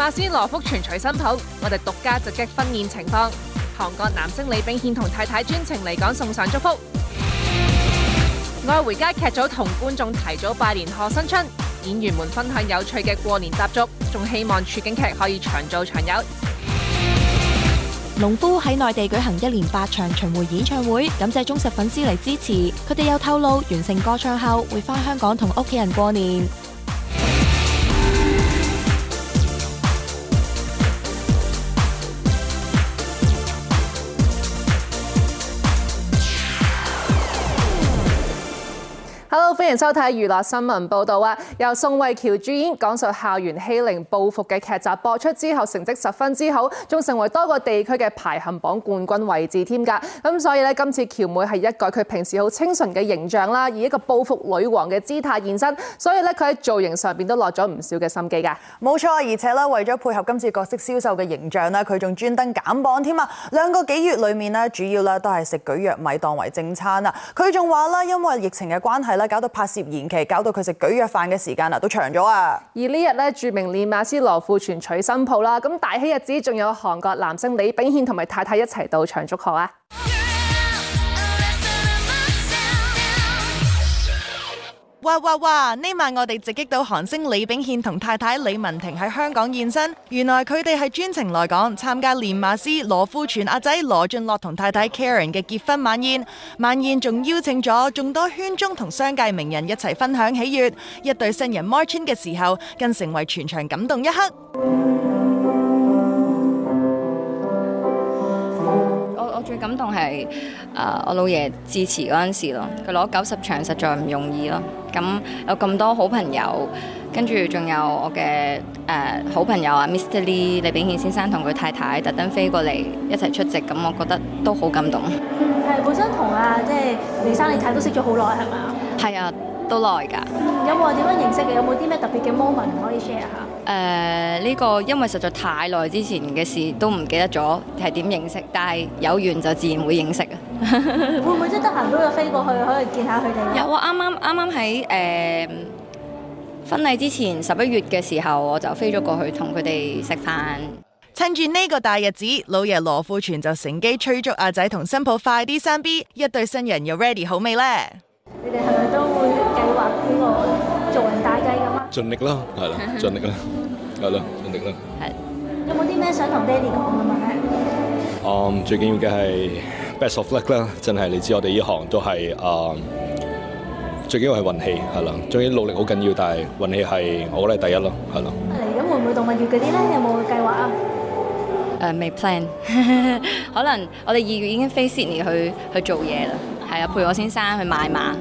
馬斯羅福全隨新抱，我哋獨家直擊婚宴情況。韓國男星李炳憲同太太專程嚟港送上祝福。《愛 回家》劇組同觀眾提早拜年賀新春，演員們分享有趣嘅過年習俗，仲希望處境劇可以長做長有。農夫喺內地舉行一連八場巡回演唱會，感謝忠實粉絲嚟支持。佢哋又透露完成歌唱後會返香港同屋企人過年。歡迎收睇娛樂新聞報道啊！由宋慧喬主演講述校園欺凌報復嘅劇集播出之後，成績十分之好，仲成為多個地區嘅排行榜冠軍位置添噶。咁、嗯、所以呢，今次喬妹係一改佢平時好清純嘅形象啦，以一個報復女王嘅姿態現身，所以呢，佢喺造型上邊都落咗唔少嘅心機噶。冇錯，而且呢，為咗配合今次角色消瘦嘅形象呢，佢仲專登減磅添啊！兩個幾月裏面呢，主要呢都係食蒟蒻米當為正餐啊。佢仲話啦，因為疫情嘅關係咧，搞到。拍攝延期，搞到佢食舉約飯嘅時間啊，都長咗啊！而呢日咧，著名練馬師羅富全娶新抱啦，咁大喜日子，仲有韓國男星李炳憲同埋太太一齊到場祝賀啊！哇哇哇！呢晚我哋直擊到韓星李炳憲同太太李文婷喺香港現身，原來佢哋係專程來港參加連馬師羅富全阿仔羅俊樂同太太 Karen 嘅結婚晚宴。晚宴仲邀請咗眾多圈中同商界名人一齊分享喜悅，一對新人 march in 嘅時候更成為全場感動一刻。最感動係誒、呃、我老爺致辭嗰陣時咯，佢攞九十場實在唔容易咯。咁有咁多好朋友，跟住仲有我嘅誒、呃、好朋友啊 Mr. Lee 李炳憲先生同佢太太特登飛過嚟一齊出席，咁我覺得都好感動。嗯，係本身同啊即係李先生太太都識咗好耐係咪？係啊，都耐㗎、嗯。有冇點樣認識嘅？有冇啲咩特別嘅 moment 可以 share 下？誒呢、uh, 這個因為實在太耐之前嘅事都唔記得咗係點認識，但係有緣就自然會認識啊！ 會唔會即得閒都有飛過去可以見下佢哋？有啊！啱啱啱啱喺誒婚禮之前十一月嘅時候，我就飛咗過去同佢哋食飯。嗯、趁住呢個大日子，老爺羅富全就乘機催促阿仔同新抱快啲生 B，一對新人又 ready 好未呢？你哋係咪都會計劃呢個？盡力啦，係啦，盡力啦，係啦，盡力啦。係。有冇啲咩想同爹哋講啊嘛？誒，我最緊要嘅係 best of luck 啦，真係你知我哋呢行都係誒，最緊要係運氣，係啦。最緊要努力好緊要，但係運氣係我覺得係第一咯，係啦。嚟咁會唔會動物園嗰啲咧？有冇計劃啊？誒，未 plan。可能我哋二月已經飛 Sydney 去去做嘢啦。係啊，陪我先生去買馬。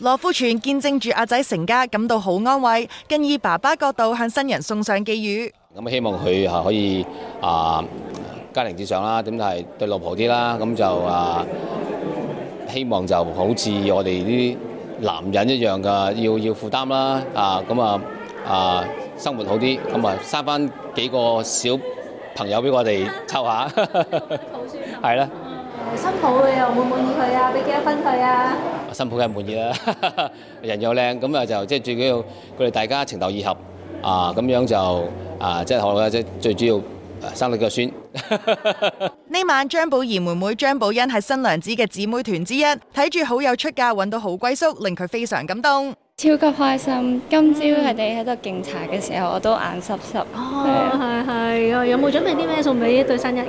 羅富全見證住阿仔成家，感到好安慰，更以爸爸角度向新人送上寄語。咁、嗯、希望佢啊可以啊家庭至上啦，點就係對老婆啲啦，咁、嗯、就啊希望就好似我哋呢啲男人一樣㗎，要要負擔啦，啊咁啊啊生活好啲，咁、嗯、啊生翻幾個小朋友俾我哋湊下，係 啦。新抱、哦、你又滿唔滿意佢啊？俾幾多分佢啊？新抱梗係滿意啦，人又靚，咁啊就即係最緊要佢哋大家情投意合啊，咁樣就啊即係好啦，即係最主要生到個孫。呢 晚張寶兒妹妹，妹張寶欣係新娘子嘅姊妹團之一，睇住好友出嫁揾到好歸宿，令佢非常感動。超級開心，今朝佢哋喺度敬茶嘅時候，我都眼濕濕。哦，係，係，有冇準備啲咩送俾一對新人？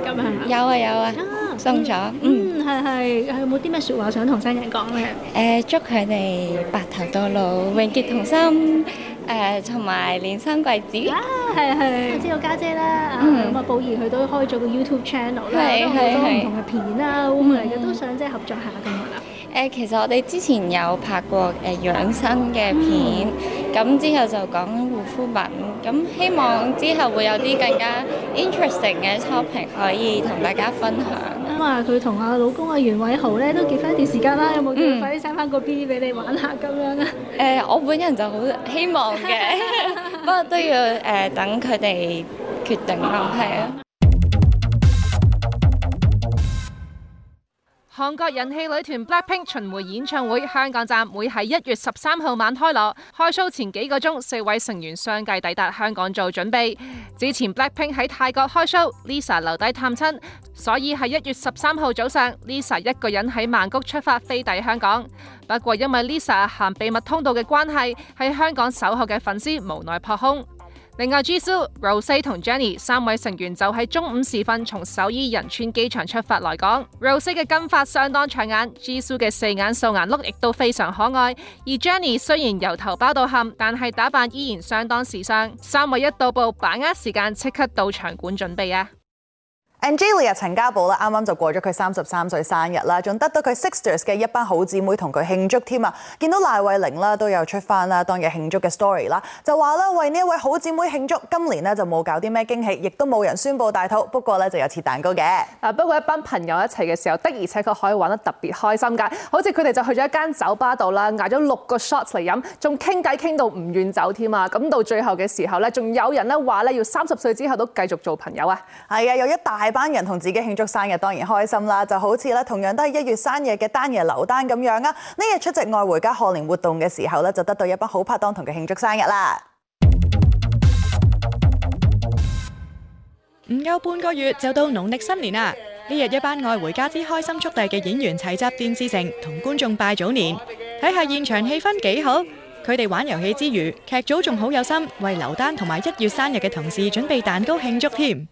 誒，其實我哋之前有拍過誒養生嘅片，咁、嗯、之後就講護膚品，咁、嗯、希望之後會有啲更加 interesting 嘅 topic 可以同大家分享。咁啊，佢同阿老公阿袁偉豪咧都結婚一段時間啦，有冇機會快啲生翻個 B 俾、嗯、你玩下咁樣咧？誒、欸，我本人就好希望嘅，不過都要誒、呃、等佢哋決定啦，係、啊。韓國人氣女團 BLACKPINK 巡回演唱會香港站會喺一月十三號晚開鑼，開 show 前幾個鐘，四位成員相繼抵達香港做準備。之前 BLACKPINK 喺泰國開 show，Lisa 留低探親，所以喺一月十三號早上，Lisa 一個人喺曼谷出發飛抵香港。不過因為 Lisa 行秘密通道嘅關係，喺香港守候嘅粉絲無奈撲空。另外 Jisoo、Rosé 同 Jennie 三位成員就喺中午時分從首爾仁川機場出發來港。Rosé 嘅金髮相當搶眼，Jisoo 嘅四眼素顏 look 亦都非常可愛。而 Jennie 雖然由頭包到冚，但係打扮依然相當時尚。三位一到埗，把握時間即刻到場館準備啊！Angelia 陳家寶咧，啱啱就過咗佢三十三歲生日啦，仲得到佢 sisters 嘅一班好姊妹同佢慶祝添啊！見到賴慧玲啦，都有出翻啦，當日慶祝嘅 story 啦，就話咧為呢一位好姊妹慶祝，今年咧就冇搞啲咩驚喜，亦都冇人宣佈大肚，不過咧就有切蛋糕嘅。啊，不過一班朋友一齊嘅時候的，而且確可以玩得特別開心㗎，好似佢哋就去咗一間酒吧度啦，嗌咗六個 shots 嚟飲，仲傾偈傾到唔願走添啊！咁到最後嘅時候咧，仲有人咧話咧要三十歲之後都繼續做朋友啊！係啊，有一大。一班人同自己慶祝生日，當然開心啦！就好似咧，同樣都係一月生日嘅單爺劉丹咁樣啊，呢日出席愛回家賀年活動嘅時候咧，就得到一班好拍檔同佢慶祝生日啦！唔夠半個月就到農曆新年啦！呢日一班愛回家之開心速遞嘅演員齊集電視城同觀眾拜早年，睇下現場氣氛幾好。佢哋玩遊戲之餘，劇組仲好有心，為劉丹同埋一月生日嘅同事準備蛋糕慶祝添。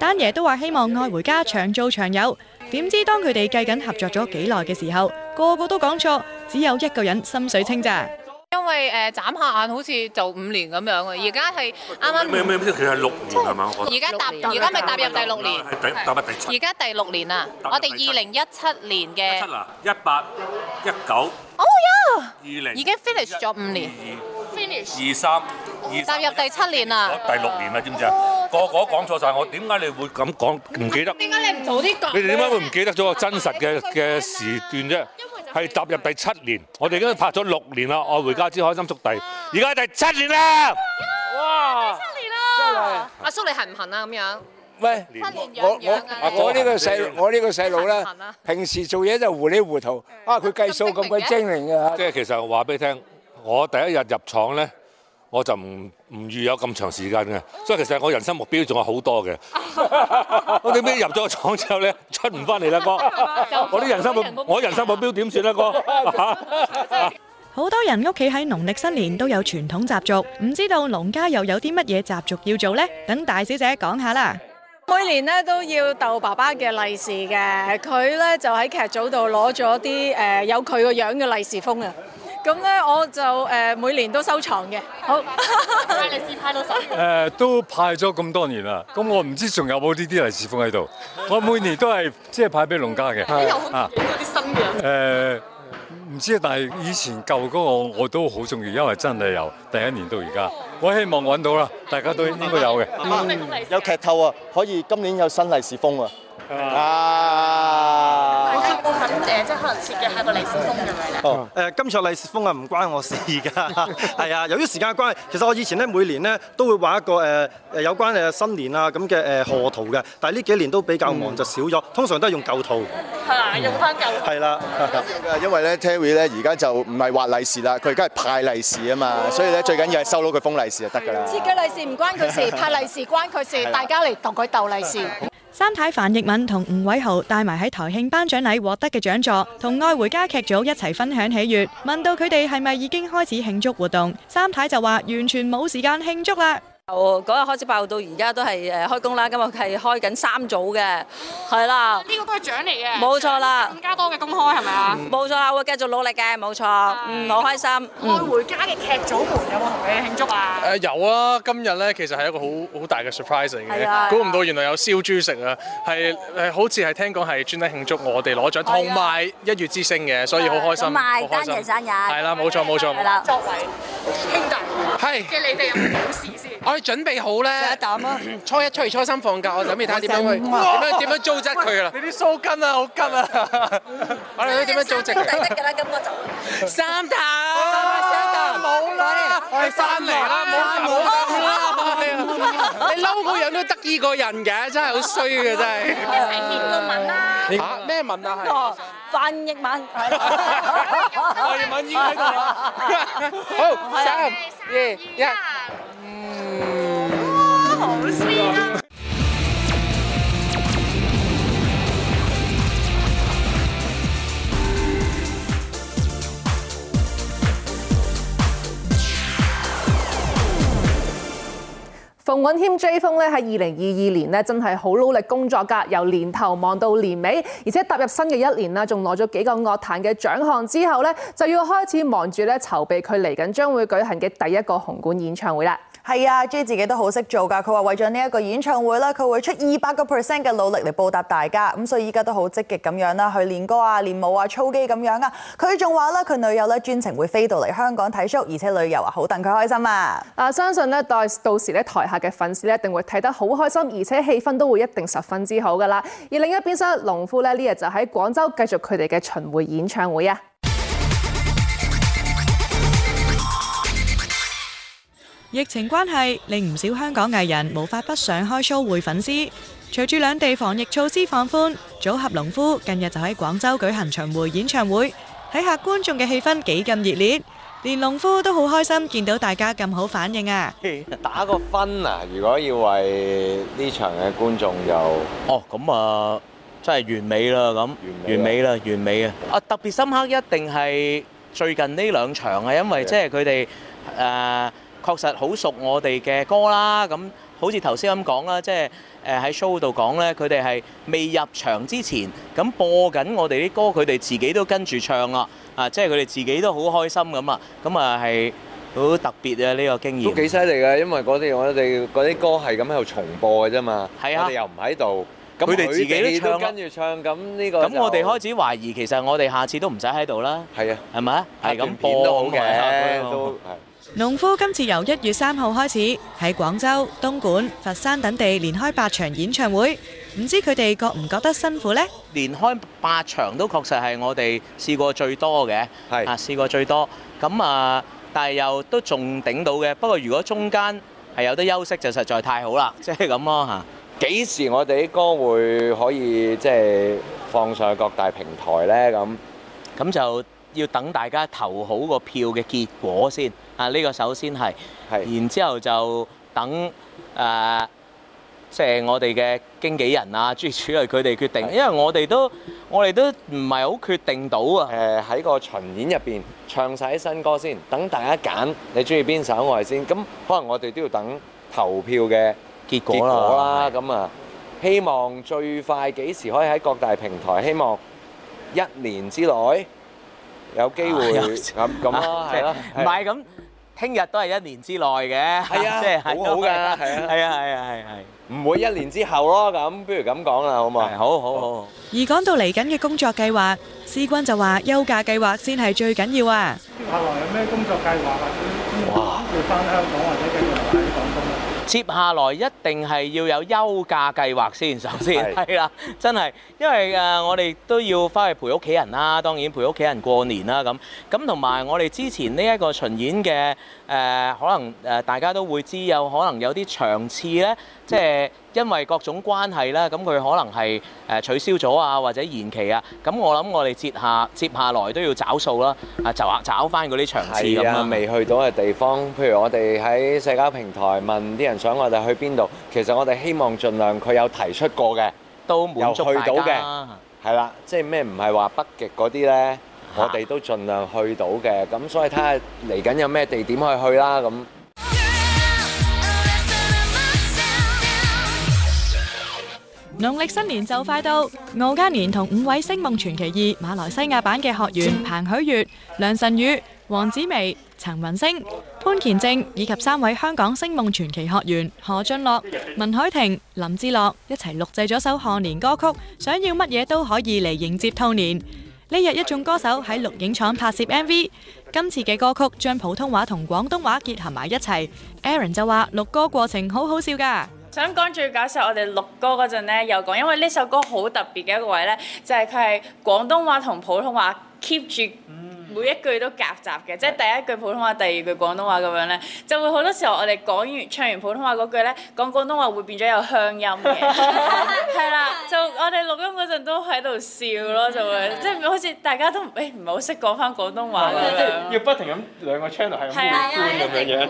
丹爺都話希望愛回家長做長有。點知當佢哋計緊合作咗幾耐嘅時候，個個都講錯，只有一個人心水清咋。因為誒眨下眼好似就五年咁樣啊，而家係啱啱咩咩咩？六年係嘛？而家入而家咪踏入第六年，而家第六年啦。我哋二零一七年嘅一八一九，哦二零已經 finish 咗五年，二二二三二，踏入第七年啦，第六年啦，知唔知啊？哦、個個講錯晒，我點解你會咁講？唔記得？點解你唔早啲講？你哋點解會唔記得咗個真實嘅嘅時段啫？啊啊啊啊啊啊啊係踏入第七年，我哋已經拍咗六年啦，《愛回家之開心速遞》，而家第七年啦！哇！Yeah, 第七年啦！阿叔你行唔行啊？咁樣？喂，七年我樣樣、啊、我你我，個我個呢個細我呢個細佬咧，行行啊、平時做嘢就糊裏糊塗，對啊佢計數咁鬼精明嘅、啊，即係其實話俾你聽，我第一日入廠咧。我就唔唔預有咁長時間嘅，所以其實我人生目標仲有好多嘅。我點解入咗個廠之後咧，出唔翻嚟啦哥？我啲人生目我人生目標點算啦哥？好多人屋企喺農曆新年都有傳統習俗，唔知道農家又有啲乜嘢習俗要做咧？等大小姐講下啦。每年咧都要逗爸爸嘅利是嘅，佢咧就喺劇組度攞咗啲誒有佢個樣嘅利是封啊。咁咧，我就誒、呃、每年都收藏嘅。好，利是派到十年。都派咗咁多年啦。咁、嗯、我唔知仲有冇呢啲利是封喺度。 我每年都係即係派俾農家嘅。 嗯、 啊，有啲新嘅？誒，唔知啊。但係以前舊嗰個我，我都好鍾意，因為真係由第一年到而家。哦、我希望揾到啦，大家都、嗯、應該有嘅。嗯、有劇透啊，可以今年有新利是封啊！啊！啊即係可能設計下個利、oh. 呃、是封咁樣咧。哦。誒，今次利是封啊，唔關我事㗎。係啊、oh. 由於時間嘅關係，其實我以前咧每年咧都會畫一個誒誒、呃、有關誒新年啊咁嘅誒賀圖嘅。但係呢幾年都比較忙，mm. 就少咗。通常都係用舊圖。係啊，用翻舊。係啦。因為咧，Terry 咧而家就唔係畫利是啦，佢而家係派利是啊嘛，所以咧最緊要係收到佢封利是就得㗎啦。設計利是唔關佢事，派利是關佢事， 大家嚟同佢鬥利是。 三太樊奕敏同吳偉豪帶埋喺台慶頒獎禮獲得嘅獎座，同《愛回家》劇組一齊分享喜悅。問到佢哋係咪已經開始慶祝活動，三太就話完全冇時間慶祝啦。由嗰日開始爆到而家都係誒開工啦，今日係開緊三組嘅，係啦。呢個都係獎嚟嘅，冇錯啦。更加多嘅公開係咪啊？冇錯啦，會繼續努力嘅，冇錯。嗯，好開心。《愛回家》嘅劇組們有冇同你慶祝啊？誒，有啊！今日咧，其實係一個好好大嘅 surprise 嚟嘅，估唔到原來有燒豬食啊！係誒，好似係，聽講係專登慶祝我哋攞獎，同埋一月之星嘅，所以好開心，好開心。係啦，冇錯冇錯。係啦，作為兄弟，係嘅，你哋有冇事先。我哋準備好咧，初一初二初三放假，我準備睇下點樣去，點樣點樣糟質佢啦！你啲鬚根啊，好急啊！我哋要點樣糟質？抵得㗎啦，咁我就三啖，冇女，翻嚟啦，冇女啦。 你嬲嗰樣都得意過人嘅，真係好衰嘅真係。寫論文啦。嚇咩文啊？係、啊。翻譯文、啊。翻譯 文喺度。 好，三二一。哇，好犀馮允謙 Jay Fung 咧，喺二零二二年真係好努力工作噶，由年頭忙到年尾，而且踏入新嘅一年啦，仲攞咗幾個樂壇嘅獎項之後，就要開始忙住咧，籌備佢嚟緊將會舉行嘅第一個紅館演唱會啦。係啊，J 自己都好識做噶。佢話為咗呢一個演唱會啦，佢會出二百個 percent 嘅努力嚟報答大家。咁所以依家都好積極咁樣啦，去練歌啊、練舞啊、操機咁樣啊。佢仲話咧，佢女友咧專程會飛到嚟香港睇 show，而且旅遊啊好等佢開心啊。嗱，相信咧到到時咧台下嘅粉絲咧一定會睇得好開心，而且氣氛都會一定十分之好噶啦。而另一邊廂農夫咧呢日就喺廣州繼續佢哋嘅巡迴演唱會啊。疫情關係令唔少香港藝人無法北上開 show 會，粉絲隨住兩地防疫措施放寬，組合農夫近日就喺廣州舉行巡迴演唱會，睇下觀眾嘅氣氛幾咁熱烈，連農夫都好開心，見到大家咁好反應啊！打個分啊！如果要為呢場嘅觀眾就哦咁啊，真係完美啦！咁完美啦，完美啊！啊，特別深刻一定係最近呢兩場啊，因為即係佢哋誒。確實好熟我哋嘅歌啦，咁好似頭先咁講啦，即係誒喺 show 度講咧，佢哋係未入場之前，咁、嗯、播緊我哋啲歌，佢哋自己都跟住唱啊！啊，即係佢哋自己都好開心咁啊！咁啊係好特別啊呢、呢個經驗都幾犀利嘅，因為嗰啲我哋嗰啲歌係咁喺度重播嘅啫嘛，啊、我哋又唔喺度，佢、嗯、哋自己都，唱、啊、都跟住唱，咁呢個咁、嗯嗯、我哋開始懷疑，其實我哋下次都唔使喺度啦，係啊，係咪啊？係咁播都好嘅。 農夫今次由一月三號開始喺廣州、東莞、佛山等地連開八場演唱會，唔知佢哋覺唔覺得辛苦呢？連開八場都確實係我哋試過最多嘅，係啊試過最多咁啊，但係又都仲頂到嘅。不過如果中間係有得休息，就實在太好啦，即係咁咯嚇。幾時我哋啲歌會可以即係放上各大平台呢？咁咁就要等大家投好個票嘅結果先。啊！呢個首先係，然之後就等誒，即係我哋嘅經紀人啊、諸如此類佢哋決定，因為我哋都我哋都唔係好決定到啊。誒，喺個巡演入邊唱曬啲新歌先，等大家揀你中意邊首，係咪先？咁可能我哋都要等投票嘅結果啦。咁啊，希望最快幾時可以喺各大平台？希望一年之內有機會咁咁咯，係咯。唔係咁。聽日都係一年之內嘅，即係好好嘅，係啊，係啊，係啊，係啊，唔會一年之後咯。咁不如咁講啦，好嘛？好好好。而講到嚟緊嘅工作計劃，師君就話休假計劃先係最緊要啊。下輪有咩工作計劃或者話要翻香港或者？接下來一定係要有休假計劃先，首先係啦，真係，因為誒、呃、我哋都要翻去陪屋企人啦，當然陪屋企人過年啦咁，咁同埋我哋之前呢一個巡演嘅誒、呃，可能誒、呃、大家都會知，有可能有啲場次呢。即係因為各種關係啦，咁佢可能係誒取消咗啊，或者延期啊。咁我諗我哋接下接下來都要找數啦，啊就找翻嗰啲場次咁啊，未去到嘅地方，譬如我哋喺社交平台問啲人想我哋去邊度，其實我哋希望儘量佢有提出過嘅，都滿足去到嘅。係啦、啊，即係咩唔係話北極嗰啲咧？啊、我哋都儘量去到嘅。咁所以睇下嚟緊有咩地點可以去啦咁。農曆新年就快到，敖嘉年同五位星夢傳奇二馬來西亞版嘅學員彭許月、梁晨宇、黃子薇、陳雲升、潘乾正以及三位香港星夢傳奇學員何俊樂、文海婷、林志樂一齊錄製咗首賀年歌曲，想要乜嘢都可以嚟迎接兔年。呢日一眾歌手喺錄影廠拍攝 MV，今次嘅歌曲將普通話同廣東話結合埋一齊。Aaron 就話錄歌過程好好笑噶。想講最搞笑，我哋錄歌嗰陣咧，又講，因為呢首歌好特別嘅一個位咧，就係佢係廣東話同普通話 keep 住每一句都夾雜嘅，即係第一句普通話，第二句廣東話咁樣咧，就會好多時候我哋講完唱完普通話嗰句咧，講廣東話會變咗有鄉音嘅，係啦，就我哋錄音嗰陣都喺度笑咯，就會即係好似大家都誒唔係好識講返廣東話咁樣，要不停咁兩個 channel 係咁換咁樣樣。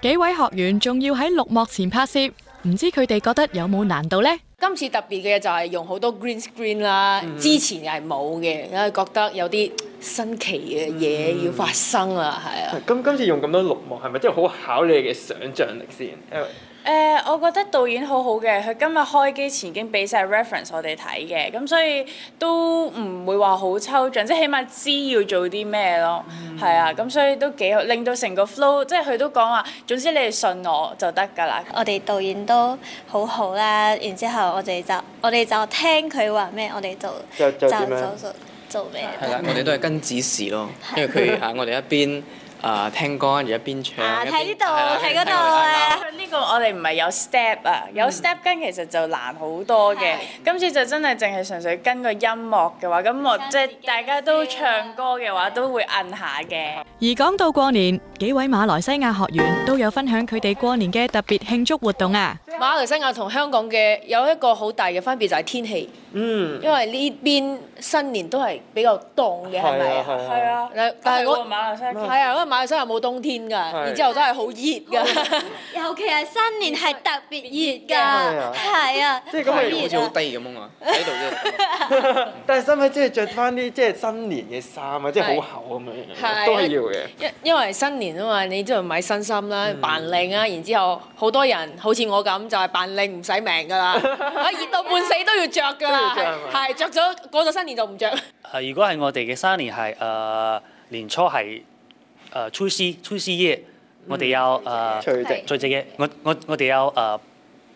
幾位學員仲要喺錄幕前拍攝。唔知佢哋覺得有冇難度呢？今次特別嘅就係用好多 green screen 啦，嗯、之前係冇嘅，因為覺得有啲新奇嘅嘢要發生、嗯、啊，係啊！咁今次用咁多綠幕係咪真係好考你嘅想像力先？Aaron 誒、呃，我覺得導演好好嘅，佢今日開機前已經俾晒 reference 我哋睇嘅，咁所以都唔會話好抽象，即係起碼知要做啲咩咯，係、嗯、啊，咁所以都幾好，令到成個 flow，即係佢都講話，總之你哋信我就得㗎啦。我哋導演都好好啦，然之後我哋就我哋就聽佢話咩，我哋就就，就做就做咩？係啦， 我哋都係跟指示咯，因為佢嚇我哋一邊。誒、uh, 聽歌跟住一邊唱，喺呢度喺嗰度啊！呢個我哋唔係有 step 啊，有 step 跟其實就難好多嘅。嗯、今次就真係淨係純粹跟個音樂嘅話，咁我、嗯、即係大家都唱歌嘅話，嗯、都會摁下嘅。而講到過年，幾位馬來西亞學員都有分享佢哋過年嘅特別慶祝活動啊。馬來西亞同香港嘅有一個好大嘅分別就係天氣。嗯，因為呢邊新年都係比較凍嘅，係咪啊？係啊。但係嗰個馬來西亞，係啊，因為馬來西亞冇冬天㗎，然之後真係好熱㗎，尤其係新年係特別熱㗎，係啊。即係咁嘅熱好似好低咁啊！喺度啫。但係使唔使即係着翻啲即係新年嘅衫啊？即係好厚咁樣，都係要嘅。因因為新年啊嘛，你都要買新衫啦、扮靚啊，然之後好多人好似我咁就係扮靚唔使命㗎啦，啊熱到半死都要着㗎啦。係，係着咗過咗新年就唔着。誒、啊，如果係我哋嘅新年係誒、呃、年初係誒，除夕除夕夜，嗯、我哋有誒除夕除夕夜，我我我哋有誒。呃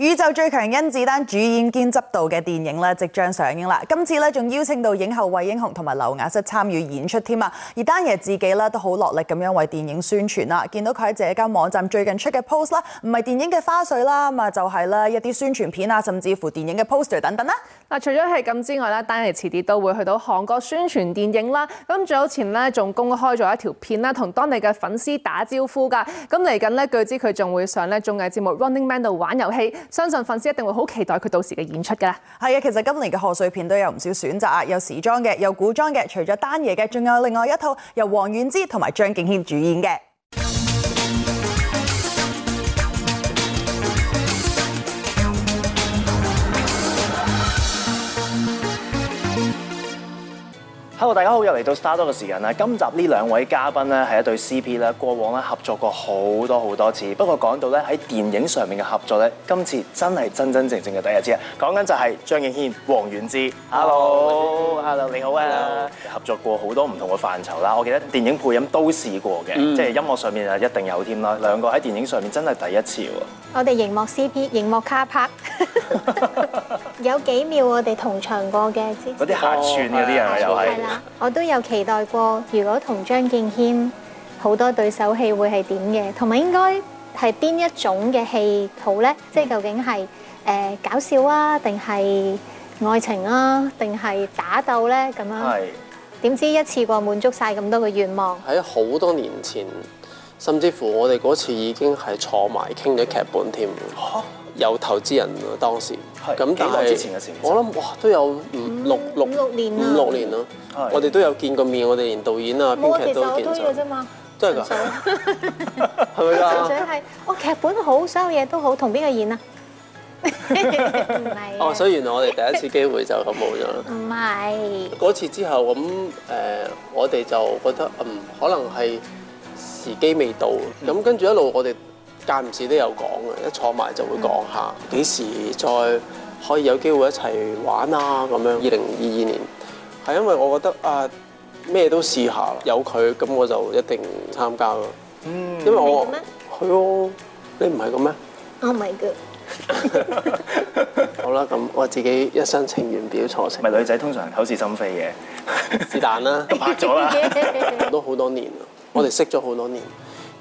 宇宙最強甄子丹主演兼執導嘅電影咧，即將上映啦！今次咧仲邀請到影后惠英紅同埋劉雅瑟參與演出添啊！而丹爺自己咧都好落力咁樣為電影宣傳啦！見到佢喺社交網站最近出嘅 post 啦，唔係電影嘅花絮啦，咁啊就係、是、啦一啲宣傳片啊，甚至乎電影嘅 poster 等等啦！嗱，除咗係咁之外咧，丹爺遲啲都會去到韓國宣傳電影啦。咁早前咧仲公開咗一條片啦，同當地嘅粉絲打招呼㗎。咁嚟緊咧據知佢仲會上咧綜藝節目 Running Man 度玩遊戲。相信粉絲一定會好期待佢到時嘅演出㗎啦。係啊，其實今年嘅賀歲片都有唔少選擇啊，有時裝嘅，有古裝嘅，除咗丹爺嘅，仲有另外一套由王菀之同埋張敬軒主演嘅。Hello 大家好，又嚟到 Star 嘅時間啦。今集呢兩位嘉賓咧係一對 CP 咧，過往咧合作過好多好多次。不過講到咧喺電影上面嘅合作咧，今次真係真真正正嘅第一次啊！講緊就係張敬軒、王菀之。Hello，Hello，你好啊！hello. 合作過好多唔同嘅範疇啦，我記得電影配音都試過嘅，即係、mm. 音樂上面啊一定有添啦。兩個喺電影上面真係第一次喎。我哋熒幕 CP，熒幕卡拍。 有幾秒我哋同場過嘅，嗰啲客串嗰啲人又係。我都有期待過，如果同張敬軒好多對手戲會係點嘅，同埋應該係邊一種嘅戲好咧？即係究竟係誒搞笑啊，定係愛情啊，定係打鬥咧咁樣？係。點知一次過滿足曬咁多嘅願望。喺好多年前，甚至乎我哋嗰次已經係坐埋傾咗劇本添。嚇！有投資人咯，當時係。咁但係，我諗哇，都有五六六六年五六年咯。係我哋都有見過面，我哋連導演啊，編劇都見咗。冇啫嘛。真係㗎？係咪㗎？純係，我劇本好，所有嘢都好，同邊個演啊？唔係。哦，所以原來我哋第一次機會就咁冇咗。唔係。嗰次之後咁誒，我哋就覺得嗯，可能係時機未到。咁跟住一路我哋。間唔時都有講嘅，一坐埋就會講下幾時再可以有機會一齊玩啊咁樣。二零二二年係因為我覺得啊咩都試下，有佢咁我就一定參加咯。嗯，因為我係咯、哦，你唔係咁咩？Oh my god！ 好啦，咁我自己一廂情願表錯情。唔係女仔通常口是心非嘅，是但啦，拍咗啦，都 好多，多年，我哋識咗好多年。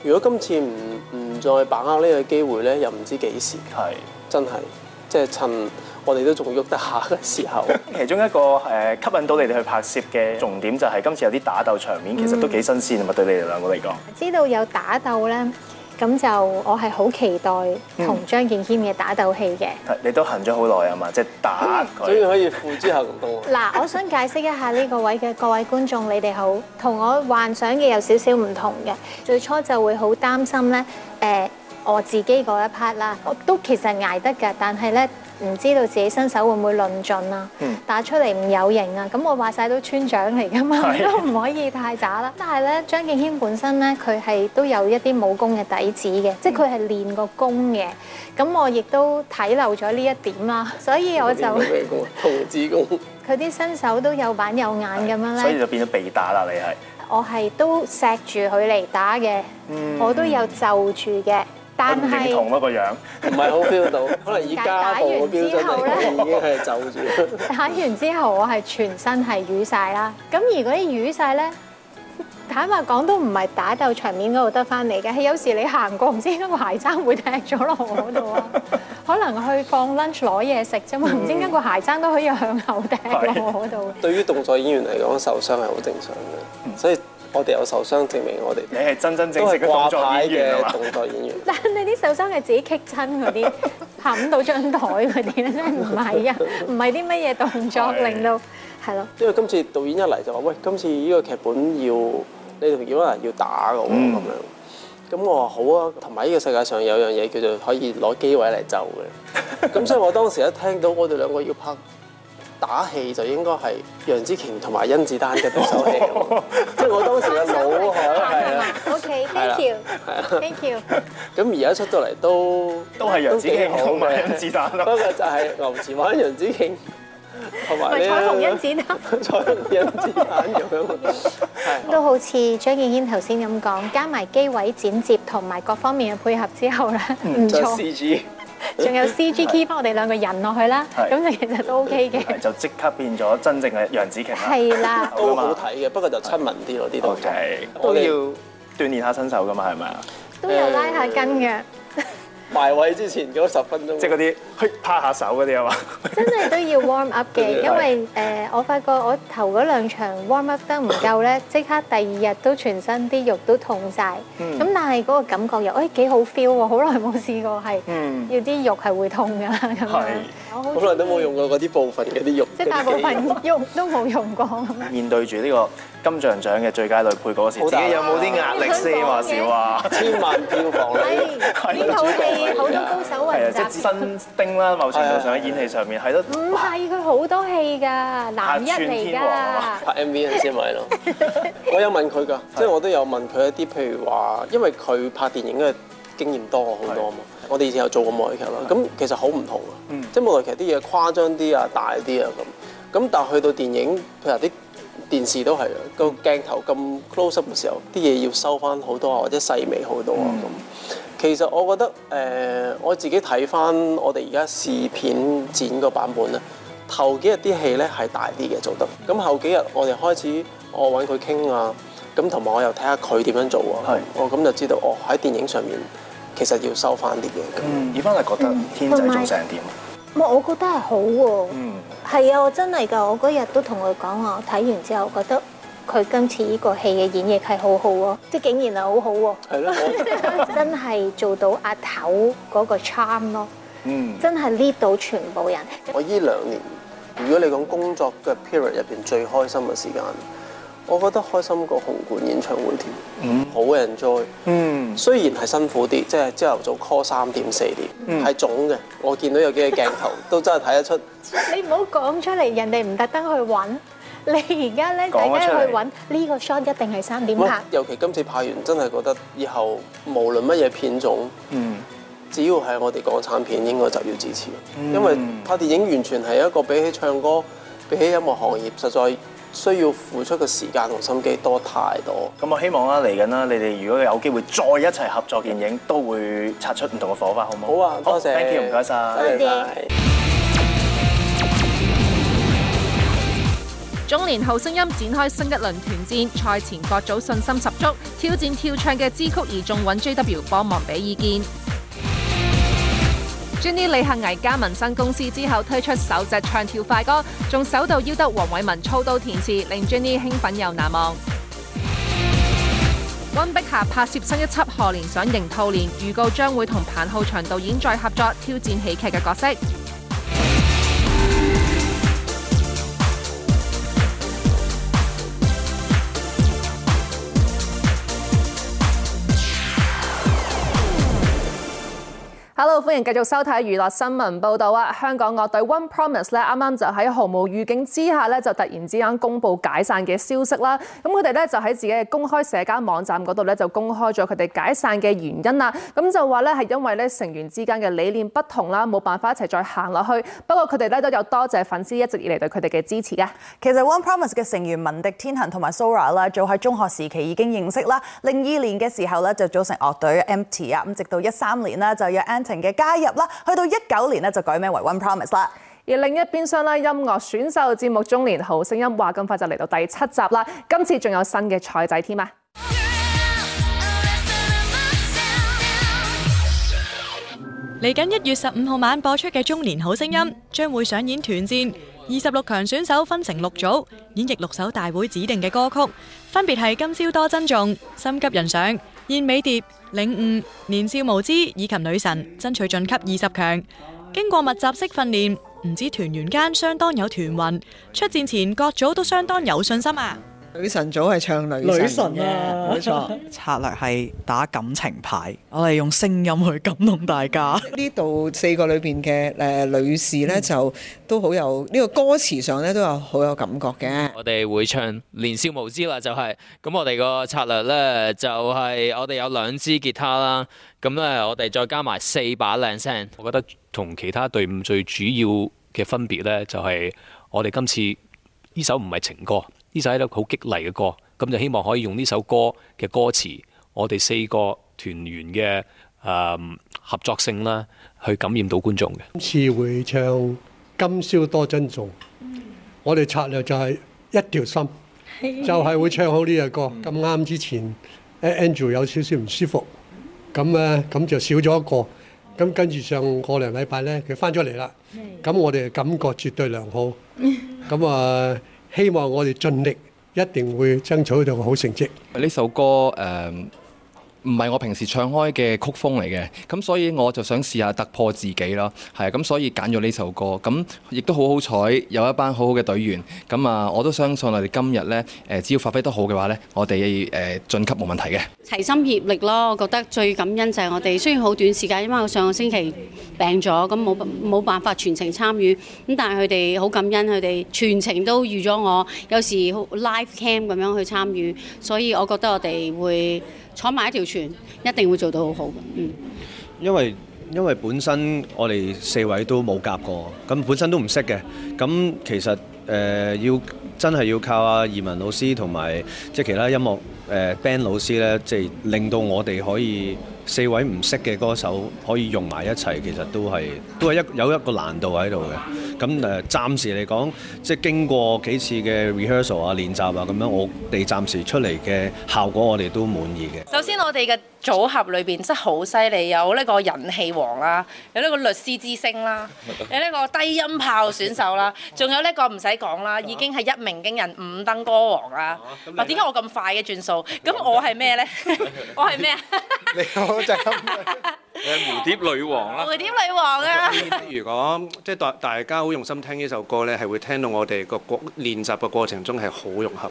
如果今次唔唔再把握呢個機會咧，又唔知幾時。係是，真係即係趁我哋都仲喐得下嘅時候。 其中一個誒吸引到你哋去拍攝嘅重點就係今次有啲打鬥場面，其實都幾新鮮啊嘛！嗯、對你哋兩個嚟講，知道有打鬥咧，咁就我係好期待同張敬軒嘅打鬥戲嘅、嗯。你都行咗好耐啊嘛，即係、就是、打所以可以付諸行動多。嗱，我想解釋一下呢個位嘅各位觀眾，你哋好，同我幻想嘅有少少唔同嘅。最初就會好擔心咧，誒我自己嗰一 part 啦，我都其實捱得㗎，但係咧。唔知道自己身手會唔會論盡啊，嗯、打出嚟唔有型啊，咁、嗯、我話晒都村長嚟噶嘛，都唔是的 可以太渣啦。但係咧，張敬軒本身咧，佢係都有一啲武功嘅底子嘅，嗯、即係佢係練過功嘅。咁我亦都睇漏咗呢一點啦，所以我就童子功，佢啲身手都有板有眼咁樣咧，所以就變咗被打啦。你係我係都錫住佢嚟打嘅，嗯、我都有就住嘅。嗯 但係唔同一個樣唔係好 feel 到。 可能而家打完之後咧，已經係，走住。打完之後，我係全身係瘀晒啦。咁而果啲瘀晒咧，坦白講都唔係打鬥場面嗰度得翻嚟嘅。有時你行過唔知點解個鞋踭會踢咗落我嗰度啊。 可能去放 lunch 攞嘢食啫嘛，唔知點解個鞋踭都可以向後踢落我嗰度。的對於動作演員嚟講，受傷係好正常嘅，所以。我哋有受傷，證明我哋你係真真正正掛牌嘅動作演員。 但係你啲受傷係自己棘親嗰啲，冚 到張台嗰啲咧，唔係啊，唔係啲乜嘢動作 對 令到係咯。因為今次導演一嚟就話：喂，今次呢個劇本要你同葉問要打嘅喎，咁樣、嗯。咁我話好啊，同埋呢個世界上有樣嘢叫做可以攞機位嚟就嘅。咁 所以我當時一聽到我哋兩個要拍。打戲就應該係楊紫瓊同埋甄子丹嘅對手戲，即係我當時嘅腦海係啊。O K. Thank you，Thank you。咁而家出到嚟都都係楊紫瓊同埋甄子丹咯。不過就係牛池灣楊紫瓊同埋咧，彩虹甄子丹，啊， 彩虹甄子丹咁樣。係都好似張敬軒頭先咁講，加埋機位剪接同埋各方面嘅配合之後啦，唔 錯錯。仲有 CGK 翻是我哋兩個人落去啦，咁就是其實都 OK 嘅，就即刻變咗真正嘅楊紫瓊。係啦了， 都好睇嘅，不過就親民啲咯，啲都。OK，都的要鍛鍊下身手㗎嘛，係咪啊？都要拉下筋嘅。 埋位之前嗰十分鐘，即係嗰啲，嘿，拋下手嗰啲係嘛？真係都要 warm up 嘅，因為誒，我發覺我頭嗰兩場 warm up 得唔夠咧，即刻第二日都全身啲肉都痛晒。咁、嗯、但係嗰個感覺又，哎幾好 feel 喎！好耐冇試過係，要啲肉係會痛㗎啦咁樣是。好耐都冇用過嗰啲部分嘅啲肉。即係大部分肉都冇用過。面 對住呢、呢個。金像獎嘅最佳女配角嗰時，自己有冇啲壓力先話少啊？千萬票房啦，呢套戲好多高手圍陣，係啊，即新丁啦，某程度上喺演戲上面係咯。唔係佢好多戲㗎，男一嚟㗎。拍 MV 先咪咯。我有問佢㗎，即我都有問佢一啲，譬如話，因為佢拍電影嘅經驗多好多啊嘛。我哋以前有做過舞台劇啦，咁其實好唔同啊。即舞台劇啲嘢誇張啲啊，大啲啊咁。咁但去到電影，譬如啲。電視都係啊，個、嗯、鏡頭咁 close up 嘅時候，啲嘢要收翻好多啊，或者細微好多啊咁、嗯。其實我覺得誒、呃，我自己睇翻我哋而家試片剪個版本咧，頭幾日啲戲咧係大啲嘅做得，咁後幾日我哋開始我揾佢傾啊，咁同埋我又睇下佢點樣做啊，是我咁就知道哦，喺電影上面其實要收翻啲嘢。嗯，以翻嚟覺得天仔仲成點？我覺得係好喎、啊，係、嗯、啊，我真係㗎，我嗰日都同佢講話，我睇完之後覺得佢今次呢個戲嘅演繹係好好、啊、喎，即係竟然係好好喎，係咯，真係做到阿頭嗰個 charm 咯，嗯，真係 lead 到全部人。我依兩年，如果你講工作嘅 period 入邊最開心嘅時間。我覺得開心過紅館演唱會添，好 enjoy、mm.。Mm. 雖然係辛苦啲，即係朝頭早 call 三點四點，係、mm. 腫嘅。我見到有幾個鏡頭 都真係睇得出。你唔好講出嚟，人哋唔特登去揾你呢。而家咧，大家去揾呢、呢個 shot 一定係三點拍。尤其今次拍完，真係覺得以後無論乜嘢片種，嗯，mm. 只要係我哋港產片，應該就要支持，mm. 因為拍電影完全係一個比起唱歌、比起音樂行業，實在。 需要付出嘅時間同心機多太多。咁我希望啦，嚟緊啦，你哋如果有機會再一齊合作電影，都會擦出唔同嘅火花，好唔好？好啊，多謝，Thank you，唔該晒！多謝。中年好聲音展開新一輪團戰，賽前各組信心十足，挑戰跳唱嘅支曲而仲揾 JW 幫忙俾意見。Jennie 李克毅加盟新公司之後推出首隻唱跳快歌，仲首度邀得黃偉文操刀填詞，令 Jennie 興奮又難忘。温 碧霞拍攝新一輯《賀年想型迎兔年》，預告將會同彭浩翔導演再合作挑戰喜劇嘅角色。Hello，歡迎繼續收睇娛樂新聞報道啊！香港樂隊 One Promise 咧，啱啱就喺毫無預警之下咧，就突然之間公布解散嘅消息啦。咁佢哋咧就喺自己嘅公開社交網站嗰度咧，就公開咗佢哋解散嘅原因啦。咁、嗯、就話咧係因為咧成員之間嘅理念不同啦，冇辦法一齊再行落去。不過佢哋咧都有多謝粉絲一直以嚟對佢哋嘅支持嘅、啊。其實 One Promise 嘅成員文迪天恒同埋 Sora 啦，早喺中學時期已經認識啦。零二年嘅時候咧就組成樂隊 Empty 啊，咁直到一三年咧就有 Ant。嘅加入啦，去到一九年咧就改名為 One Promise 啦。而另一邊廂咧，音樂選秀節目《中年好聲音》話咁快就嚟到第七集啦，今次仲有新嘅賽仔添啊！嚟緊一月十五號晚播出嘅《中年好聲音》將會上演團戰，二十六強選手分成六組，演繹六首大會指定嘅歌曲，分別係今宵多珍重、心急人上、燕尾蝶，領悟、年少無知以及女神爭取晉級二十強，經過密集式訓練，唔知團員間相當有團魂，出戰前各組都相當有信心啊！女神組係唱女神，女神啊錯，冇錯。策略係打感情牌， 我哋用聲音去感動大家。呢 度四個裏邊嘅誒女士呢，就都好有呢 個歌詞上呢，都有好有感覺嘅。我哋會唱年少無知啦，就係、是、咁。我哋個策略呢，就係、是、我哋有兩支吉他啦，咁呢，我哋再加埋四把靚聲。我覺得同其他隊伍最主要嘅分別呢，就係、是、我哋今次呢首唔係情歌。呢首係一好激勵嘅歌，咁就希望可以用呢首歌嘅歌詞，我哋四個團員嘅誒合作性啦，去感染到觀眾嘅。今次會唱《今宵多珍重》，嗯、我哋策略就係一條心， 就係會唱好呢隻歌。咁啱、嗯、之前，Angie 有少少唔舒服，咁咧咁就少咗一個，咁跟住上個兩禮拜呢，佢翻咗嚟啦，咁是我哋感覺絕對良好，咁啊～ 希望我哋盡力，一定會爭取到個好成績。呢首歌、um 唔係我平時唱開嘅曲風嚟嘅，咁所以我就想試下突破自己囉，係咁所以揀咗呢首歌，咁亦都好好彩，有一班好好嘅隊員，咁啊我都相信我哋今日呢，誒，只要發揮得好嘅話呢，我哋誒晉級冇問題嘅。齊心協力咯，我覺得最感恩就係我哋，雖然好短時間，因為我上個星期病咗，咁冇冇辦法全程參與，咁但係佢哋好感恩，佢哋全程都預咗我，有時 live cam 咁樣去參與，所以我覺得我哋會。坐埋一條船，一定會做到好好嘅。嗯，因為因為本身我哋四位都冇夾過，咁本身都唔識嘅。咁其實誒、呃、要真係要靠阿移民老師同埋即係其他音樂誒、呃、band 老師咧，即係令到我哋可以，四位唔識嘅歌手可以用埋一齊，其實都係都係一有一個難度喺度嘅。咁誒，暫時嚟講，即係經過幾次嘅 rehearsal 啊、練習啊咁樣，我哋暫時出嚟嘅效果我，我哋都滿意嘅。首先，我哋嘅組合裏邊真係好犀利，有呢個人氣王啦、啊，有呢個律師之星啦、啊，有呢個低音炮選手啦、啊，仲有呢個唔使講啦，已經係一鳴驚人五燈歌王啦。啊，點解我咁快嘅轉數？咁我係咩呢？我係咩啊？ 什 就係《蝴蝶女王》啦，《蝴蝶女王》啊！如果即係大大家好用心聽呢首歌咧，係會聽到我哋個過練習嘅過程中係好融合。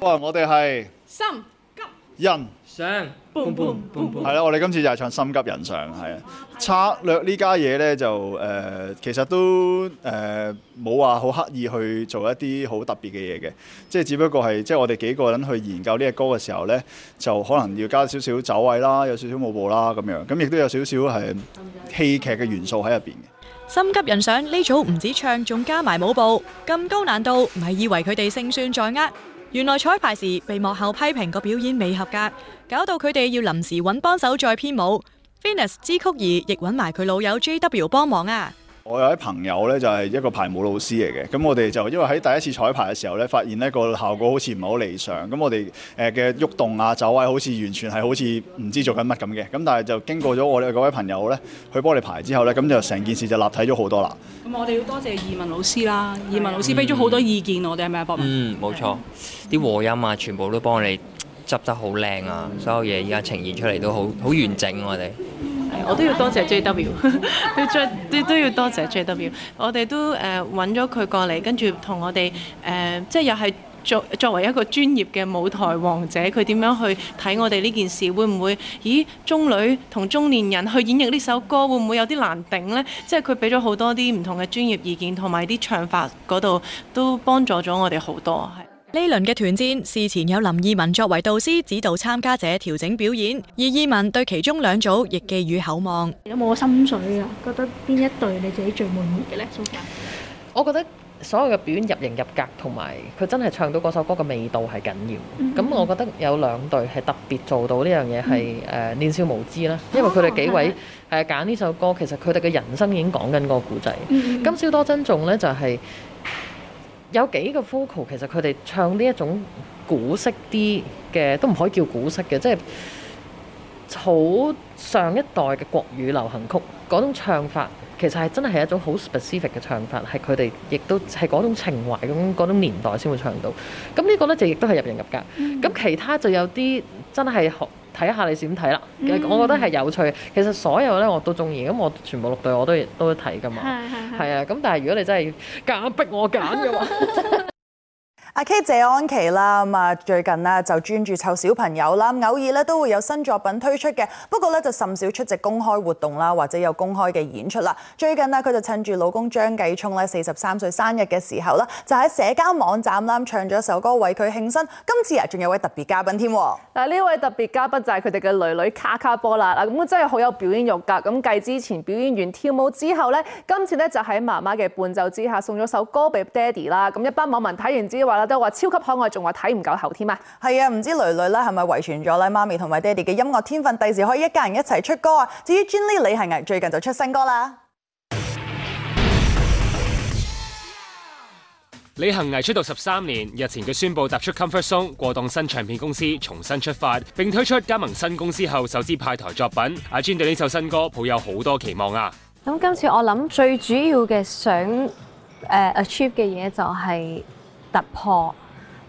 哇！我哋係心急人。上，係 啦、 嗯嗯嗯！我哋今次就係唱《心急人上》，係啊！策略呢家嘢呢，就、呃、誒，其實都誒冇話好刻意去做一啲好特別嘅嘢嘅，即係只不過係即係我哋幾個人去研究呢隻歌嘅時候呢，就可能要加少少走位啦，有少少舞步啦咁樣，咁亦都有少少係戲劇嘅元素喺入邊嘅。心急人上呢組唔止唱，仲加埋舞步，咁高難度，唔係以為佢哋勝算在握。原來彩排時被幕後批評個表演未合格，搞到佢哋要臨時揾幫手再編舞。Finnis 之曲兒亦揾埋佢老友 JW 幫忙啊！我有啲朋友咧就係、是、一個排舞老師嚟嘅，咁我哋就因為喺第一次彩排嘅時候咧，發現呢個效果好似唔係好理想，咁我哋誒嘅喐動啊、走位好似完全係好似唔知做緊乜咁嘅，咁但係就經過咗我哋嗰位朋友咧，佢幫你排之後咧，咁就成件事就立體咗好多啦。咁我哋要多謝二汶老師啦，二汶老師俾咗好多意見我哋係咪啊，博文？是是嗯，冇錯，啲的和音啊，全部都幫你執得好靚啊，嗯、所有嘢而家呈現出嚟都好好完整、啊、我哋。我都要多謝，謝 J W，都 都要多謝，謝 J W。我哋都誒揾咗佢過嚟，跟住同我哋誒、呃，即係又係作作為一個專業嘅舞台王者，佢點樣去睇我哋呢件事？會唔會？咦，中女同中年人去演繹呢首歌，會唔會有啲難頂呢？即係佢俾咗好多啲唔同嘅專業意見，同埋啲唱法嗰度都幫助咗我哋好多。係。呢輪嘅團戰事前有林二汶作為導師指導參加者調整表演，而二汶對其中兩組亦寄予厚望。有冇心水啊？覺得邊一隊你自己最滿意嘅呢？」「我覺得所有嘅表演入型入格，同埋佢真係唱到嗰首歌嘅味道係緊要。咁、嗯嗯、我覺得有兩隊係特別做到呢樣嘢，係，誒年少無知啦。嗯嗯、因為佢哋幾位誒揀呢首歌，其實佢哋嘅人生已經講緊個故仔。今宵多珍重呢，就係、嗯。嗯嗯有幾個 vocal 其實佢哋唱呢一種古式啲嘅都唔可以叫古式嘅，即係好上一代嘅國語流行曲嗰種唱法，其實係真係一種好 specific 嘅唱法，係佢哋亦都係嗰種情懷、嗰種年代先會唱到。咁呢個呢就亦都係入型入格。咁其他就有啲真係學。睇下你是點睇啦，我覺得係有趣。其實所有咧我都鍾意，咁我全部六對我都都睇㗎嘛。係啊，咁但係如果你真係夾硬逼我揀嘅話，阿 K 謝安琪啦，咁啊最近咧就專注湊小朋友啦，偶爾咧都會有新作品推出嘅。不過咧就甚少出席公開活動啦，或者有公開嘅演出啦。最近呢，佢就趁住老公張繼聰咧四十三歲生日嘅時候啦，就喺社交網站啦唱咗首歌為佢慶生。今次啊仲有位特別嘉賓添。嗱，呢位特別嘉賓就係佢哋嘅女女卡卡波啦。嗱，咁真係好有表演欲噶。咁繼之前表演完跳舞之後咧，今次咧就喺媽媽嘅伴奏之下送咗首歌俾爹哋啦。咁一班網民睇完之後話都話超級可愛，仲話睇唔夠後添。啊！係啊，唔知女女咧係咪遺傳咗咧媽咪同埋爹哋嘅音樂天分，第時可以一家人一齊出歌啊！至於 Jennie 李恒毅最近就出新歌啦。李恒毅出道十三年，日前佢宣布踏出 Comfort Zone，過檔新唱片公司，重新出發，並推出加盟新公司後首支派台作品。阿 Jennie 對呢首新歌抱有好多期望啊！咁今次我諗最主要嘅想誒、呃、achieve 嘅嘢就係、是、～突破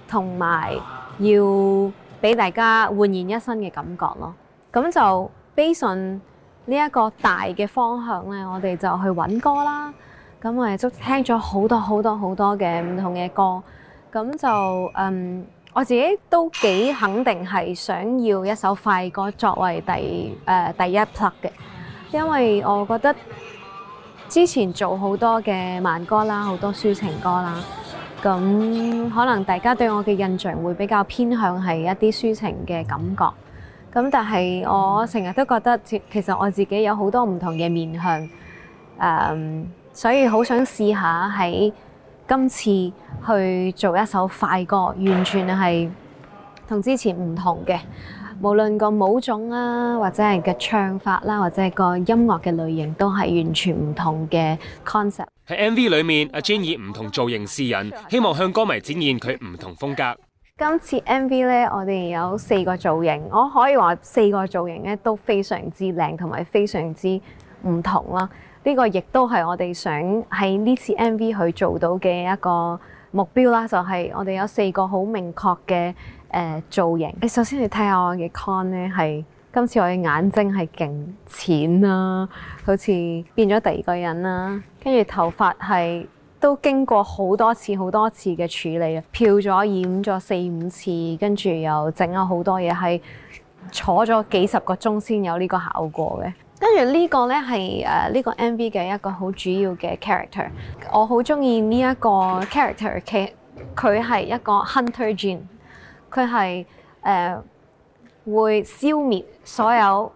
同埋要俾大家煥然一新嘅感覺咯。咁就 Based on 呢一個大嘅方向咧，我哋就去揾歌啦。咁我哋都聽咗好多好多好多嘅唔同嘅歌。咁就嗯，我自己都幾肯定係想要一首快歌作為第誒、呃、第一 part 嘅，因為我覺得之前做好多嘅慢歌啦，好多抒情歌啦。咁可能大家對我嘅印象會比較偏向係一啲抒情嘅感覺，咁但係我成日都覺得，其實我自己有好多唔同嘅面向，誒、嗯，所以好想試下喺今次去做一首快歌，完全係同之前唔同嘅。無論個舞種啊，或者係個唱法啦，或者係個音樂嘅類型，都係完全唔同嘅 concept。喺 MV 裏面，阿 Jennie 以唔同造型示人，希望向歌迷展現佢唔同風格。 今次 MV 呢，我哋有四個造型，我可以話四個造型咧都非常之靚，同埋非常之唔同啦。呢、這個亦都係我哋想喺呢次 MV 去做到嘅一個目標啦，就係、是、我哋有四個好明確嘅。誒、呃、造型，你首先你睇下我嘅 con 咧，係今次我嘅眼睛係勁淺啦、啊，好似變咗第二個人啦、啊。跟住頭髮係都經過好多次、好多次嘅處理啊，漂咗染咗四五次，跟住又整咗好多嘢，係坐咗幾十個鐘先有呢個效果嘅。跟住呢個呢係誒呢個 MV 嘅一個好主要嘅 character。我好中意呢一個 character，佢佢係一個 hunter gene。佢係誒會消滅所有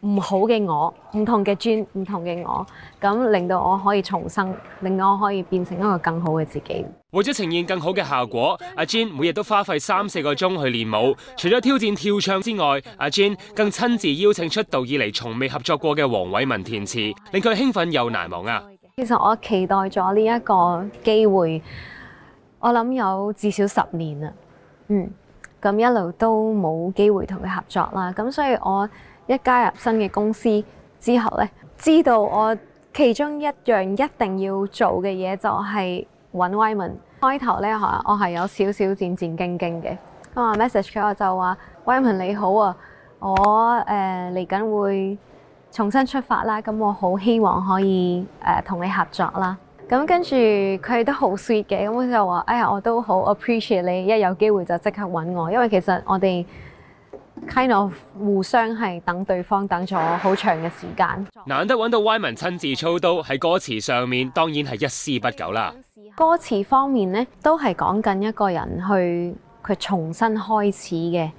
唔好嘅我，唔同嘅專，唔同嘅我，咁令到我可以重生，令到我可以變成一個更好嘅自己。為咗呈現更好嘅效果，阿 Jane 每日都花費三四個鐘去練舞。除咗挑戰跳唱之外，阿 Jane 更親自邀請出道以嚟從未合作過嘅黃偉文填詞，令佢興奮又難忘啊！其實我期待咗呢一個機會，我諗有至少十年啦。嗯，咁一路都冇機會同佢合作啦。咁所以我一加入新嘅公司之後咧，知道我其中一樣一定要做嘅嘢就係揾 Wyman。開頭咧嚇、啊，我係有少少戰戰兢兢嘅。咁我 message 佢 me，我就話：Wyman 你好啊，我誒嚟緊會重新出發啦。咁我好希望可以誒同、呃、你合作啦。咁跟住佢都好 sweet 嘅，咁我就話：哎呀，我都好 appreciate 你，一有機會就即刻揾我，因為其實我哋 k i n d of 互相係等對方等咗好長嘅時間。難得揾到 Yim 文親自操刀，喺歌詞上面當然係一絲不苟啦。歌詞方面呢，都係講緊一個人去佢重新開始嘅。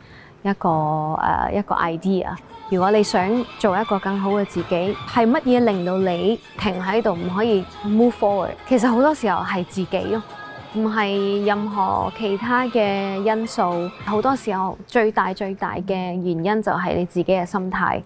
一個誒、呃、一個 idea，啊，如果你想做一個更好嘅自己，係乜嘢令到你停喺度唔可以 move forward？其實好多時候係自己咯，唔係任何其他嘅因素。好多時候最大最大嘅原因就係你自己嘅心態。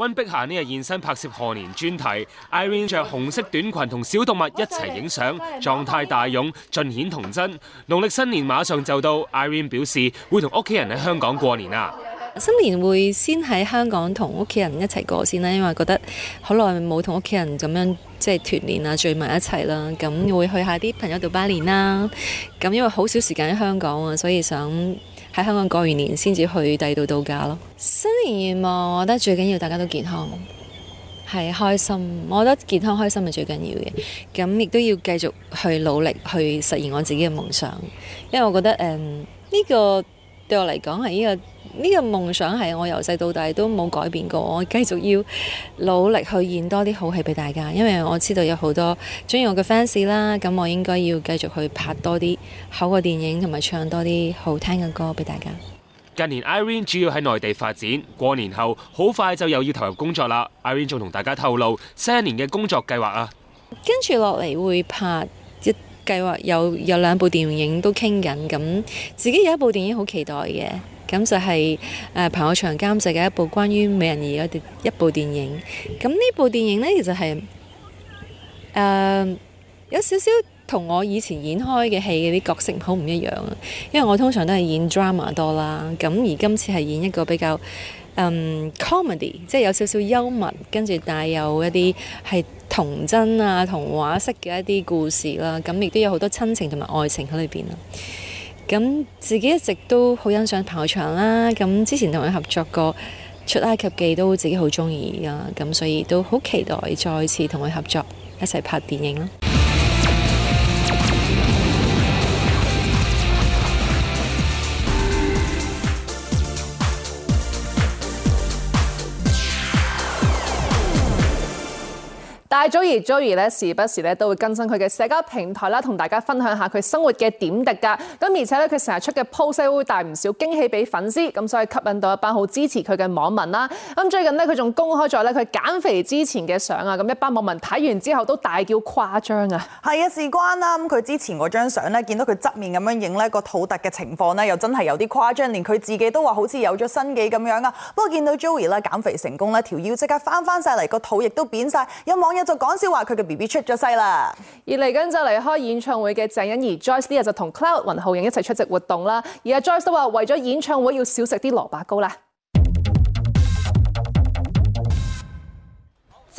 溫碧霞呢日現身拍攝賀年專題，Irene 着紅色短裙同小動物一齊影相，狀態大勇，盡顯童真。農曆新年馬上就到，Irene 表示會同屋企人喺香港過年啊！新年會先喺香港同屋企人一齊過先啦，因為覺得好耐冇同屋企人咁樣即係團年啊，聚埋一齊啦。咁會去下啲朋友度拜年啦。咁因為好少時間喺香港啊，所以想。喺香港過完年先至去第二度度假咯。新年願望，我覺得最緊要大家都健康，係開心。我覺得健康開心係最緊要嘅，咁亦都要繼續去努力去實現我自己嘅夢想，因為我覺得誒呢個對我嚟講係呢個。呢個夢想係我由細到大都冇改變過，我繼續要努力去演多啲好戲俾大家。因為我知道有好多中意我嘅 fans 啦，咁我應該要繼續去拍多啲好嘅電影，同埋唱多啲好聽嘅歌俾大家。近年 Irene 主要喺內地發展，過年後好快就又要投入工作啦。Irene 仲同大家透露新一年嘅工作計劃啊，跟住落嚟會拍一計劃，有有兩部電影都傾緊，咁自己有一部電影好期待嘅。咁就係誒彭浩翔監製嘅一部關於美人魚嘅一部電影。咁呢部電影呢，其實係誒、呃、有少少同我以前演開嘅戲嘅啲角色好唔一樣。因為我通常都係演 drama 多啦，咁而今次係演一個比較嗯、呃、comedy，即係有少少幽默，跟住帶有一啲係童真啊、童話式嘅一啲故事啦。咁亦都有好多親情同埋愛情喺裏邊啊。咁自己一直都好欣賞彭浩翔啦，咁之前同佢合作過《出埃及記》都自己好中意㗎，咁所以都好期待再次同佢合作一齊拍電影咯。但 Joey Joey 咧時不時咧都會更新佢嘅社交平台啦，同大家分享下佢生活嘅點滴噶。咁而且咧佢成日出嘅 pose 會帶唔少驚喜俾粉絲，咁所以吸引到一班好支持佢嘅網民啦。咁最近呢，佢仲公開咗咧佢減肥之前嘅相啊，咁一班網民睇完之後都大叫誇張啊！係啊，事關啦，咁佢之前嗰張相咧，見到佢側面咁樣影咧個肚凸嘅情況咧，又真係有啲誇張，連佢自己都話好似有咗新記咁樣啊。不過見到 Joey 咧減肥成功咧，條腰即刻翻翻晒嚟，個肚亦都扁晒。有網友，就講笑話，佢嘅 BB 出咗世啦。而嚟緊就嚟開演唱會嘅鄭欣宜 Joyce 呢日就同 Cloud 雲浩影一齊出席活動啦。而阿 Joyce 都話為咗演唱會要少食啲蘿蔔糕啦。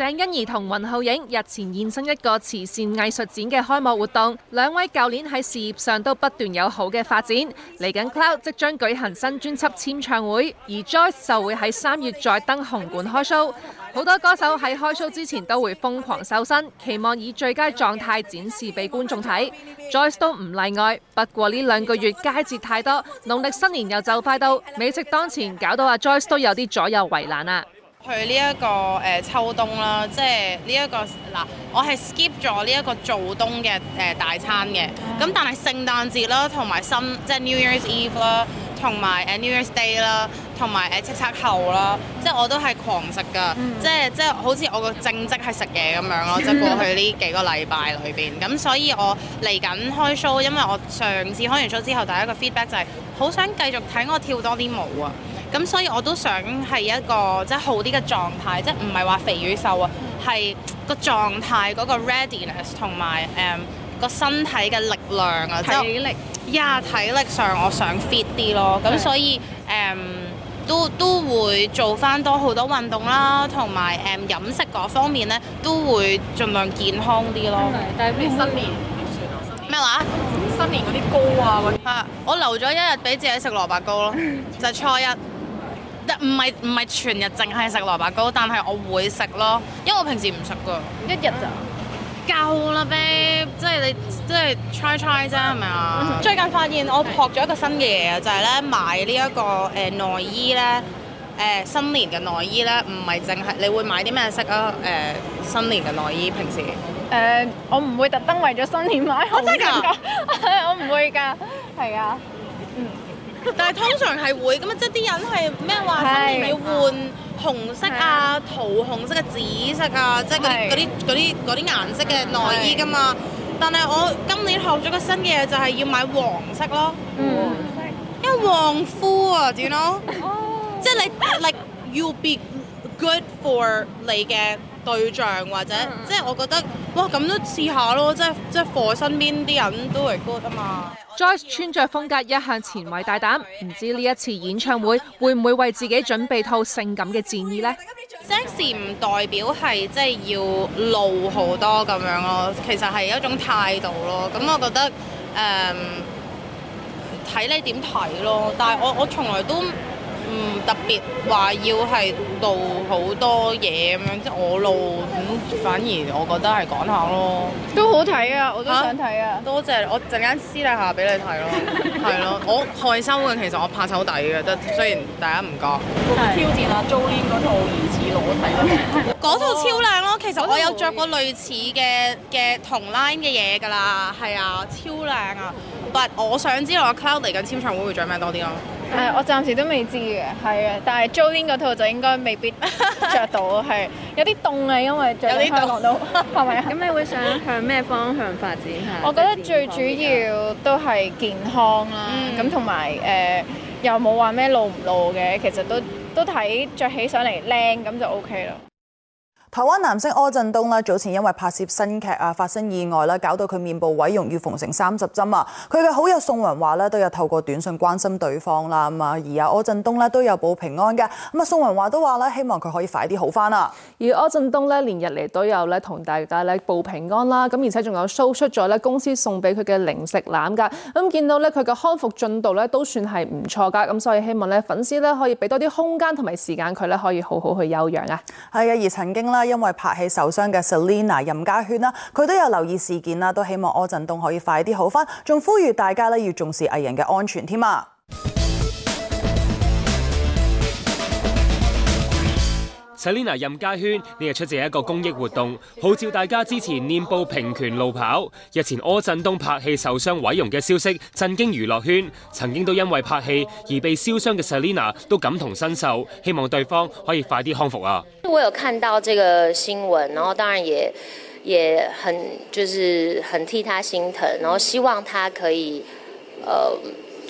鄭欣宜同雲浩影日前現身一個慈善藝術展嘅開幕活動，兩位舊年喺事業上都不斷有好嘅發展。嚟緊 Cloud 即將舉行新專輯簽唱會，而 Joyce 就會喺三月再登紅館開 show。好多歌手喺開 show 之前都會瘋狂瘦身，期望以最佳狀態展示俾觀眾睇。 Joyce 都唔例外，不過呢兩個月佳節太多，農曆新年又就快到，美食當前，搞到阿 Joyce 都有啲左右為難啦。去呢一個誒秋冬、這個、啦，即係呢一個嗱，我係 skip 咗呢一個做冬嘅誒大餐嘅。咁但係聖誕節啦，同埋新即係 New Year's Eve 啦，同埋 New Year's Day 啦，同埋叱咤後啦，即係我都係狂食噶，嗯、即係即係好似我個正職係食嘢咁樣咯。就係、是、 過去呢幾個禮拜裏邊，咁所以我嚟緊開 show，因為我上次開完 show 之後，第一個 feedback 就係、是、好想繼續睇我跳多啲舞啊！咁所以我都想係一個即係、就是、好啲嘅狀態，即係唔係話肥與瘦啊，係個狀態嗰、那個 readiness 同埋誒個、嗯、身體嘅力量啊，體力呀，就嗯、體力上我想 fit 啲咯。咁對 所以誒、嗯、都都會做翻多好多運動啦，同埋誒飲食嗰方面咧都會盡量健康啲咯。是是但係譬如新年咩話？新年嗰啲糕啊，啊，我留咗一日俾自己食蘿蔔糕咯， 就係初一。唔係唔係全日淨係食蘿蔔糕，但係我會食咯，因為我平時唔食噶。一日就夠啦，babe？即係你即係 try try 啫，係咪啊？是是最近發現我學咗一個新嘅嘢啊，就係、是、咧買呢、這、一個誒、呃、內衣咧誒、呃、新年嘅內衣咧，唔係淨係你會買啲咩色啊誒、呃、新年嘅內衣平時誒、呃、我唔會特登為咗新年買，我真係噶，我唔會㗎，係啊。 但係通常係會㗎嘛，即係啲人係咩話？通常要換紅色啊、桃紅色嘅紫色啊，的即係嗰啲嗰啲嗰啲嗰啲顏色嘅內衣噶嘛。但係我今年學咗個新嘅嘢，就係、係、要買黃色咯。嗯、黃色，因為旺夫啊， 你 know。哦。 即係你 like you'll be good for 你嘅對象或者、嗯、即係我覺得，哇咁都試下咯，即係即係 for 身邊啲人都係 good 啊嘛。Joyce 穿着風格一向前衞大膽，唔知呢一次演唱會會唔會為自己準備套性感嘅戰衣呢？sexy 唔代表係即係要露好多咁樣咯，其實係一種態度咯。咁我覺得誒，睇、嗯、你點睇咯。但係我我從來都。唔特別話要係露好多嘢咁樣，即係我露咁反而我覺得係講下咯。都好睇啊，我都想睇啊，啊。多謝，我陣間私底下俾你睇咯。係咯， 我害羞嘅，其實我怕醜底嘅，得雖然大家唔覺。挑戰啊，Joanne 嗰套疑似裸體嗰套。超靚咯，其實、哦、我有着過類似嘅嘅同 line 嘅嘢㗎啦。係啊，超靚啊。But 我想知道，Cloud 嚟緊簽唱會會着咩多啲咯？誒，嗯、我暫時都未知嘅，係啊，但係 Joan 嗰套就應該未必着到，係 有啲凍啊，因為着香港都係咪啊？咁你會想向咩方向發展啊？我覺得最主要都係健康啦，咁同埋誒又冇話咩露唔露嘅，其實都都睇着起上嚟靚咁就 OK 啦。台灣男星柯震東咧，早前因為拍攝新劇啊發生意外啦，搞到佢面部毀容要縫成三十針啊！佢嘅好友宋雲華咧都有透過短信關心對方啦、啊，咁啊而阿柯震東咧都有報平安嘅，咁啊宋雲華都話咧希望佢可以快啲好返啊！而柯震東咧連日嚟都有咧同大家咧報平安啦，咁而且仲有 show 出咗咧公司送俾佢嘅零食籃㗎，咁、啊、見到咧佢嘅康復進度咧都算係唔錯㗎，咁、啊、所以希望咧粉絲咧可以俾多啲空間同埋時間佢咧可以好好去休養啊！係啊，而曾經咧。因為拍戲受傷嘅 Selina 任家萱啦，佢都有留意事件啦，都希望柯震東可以快啲好返，仲呼籲大家咧要重視藝人嘅安全添啊！Selina 任家萱呢日出席一個公益活動，號召大家支持練步平權路跑。日前柯震東拍戲受傷毀容嘅消息震驚娛樂圈，曾經都因為拍戲而被燒傷嘅 Selina 都感同身受，希望對方可以快啲康復啊！我有看到這個新聞，然後當然也也很就是很替他心疼，然後希望他可以，呃。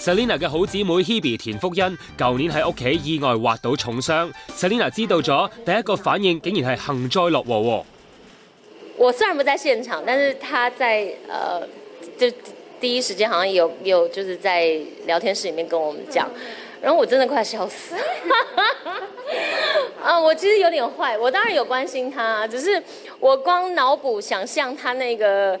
Selina 嘅好姊妹 Hebe 田馥甄舊年喺屋企意外滑倒重傷，Selina 知道咗，第一個反應竟然係幸災樂禍。我雖然不在現場，但是他在，誒、呃，就第一時間，好像有有，就是在聊天室裏面跟我們講，然後我真的快笑死。啊， 我其實有點壞，我當然有關心他，只、就是我光腦補想象他那個。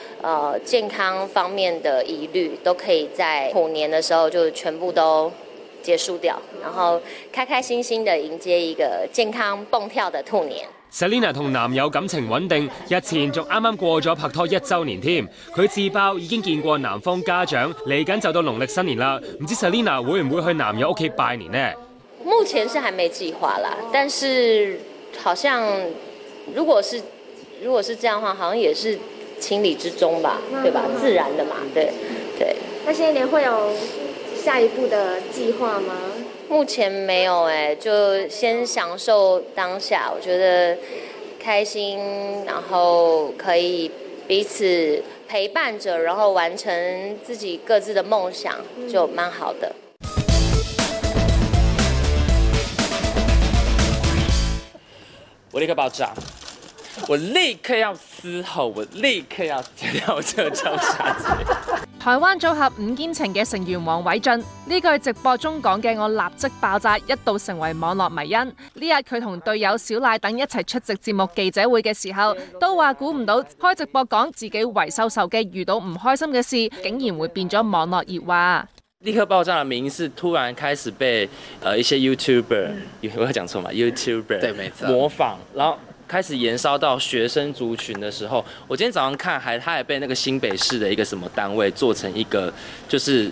呃，健康方面的疑慮都可以在虎年的時候就全部都結束掉，然後開開心心的迎接一個健康蹦跳的兔年。Selina 同男友感情穩定，日前仲啱啱過咗拍拖一周年添。佢自爆已經見過男方家長，嚟緊就到農曆新年啦。唔知 Selina 會唔會去男友屋企拜年呢？目前是還沒計劃啦，但是好像如果是如果是這樣的話，好像也是。情理之中吧，對吧？自然的嘛，對，對。那現在你會有下一步的計劃嗎？目前沒有哎，就先享受當下。我覺得開心，然後可以彼此陪伴着，然後完成自己各自的夢想，嗯、就蠻好的。我立刻爆炸！我立刻要嘶吼，我立刻要丟掉這張沙紙。台灣組合伍堅情嘅成員王偉俊呢句直播中講嘅，我立即爆炸，一度成為網絡迷因。呢日佢同隊友小賴等一齊出席節目記者會嘅時候，都話估唔到開直播講自己維修手機遇到唔開心嘅事，竟然會變咗網絡熱話。立刻爆炸嘅名字突然開始被，誒、呃，一些 YouTuber，有冇、嗯、講錯嘛？YouTuber，對，沒錯，模仿，然後。開始延燒到學生族群的時候，我今天早上看還，他還他也被那個新北市的一個什麼單位做成一個就是。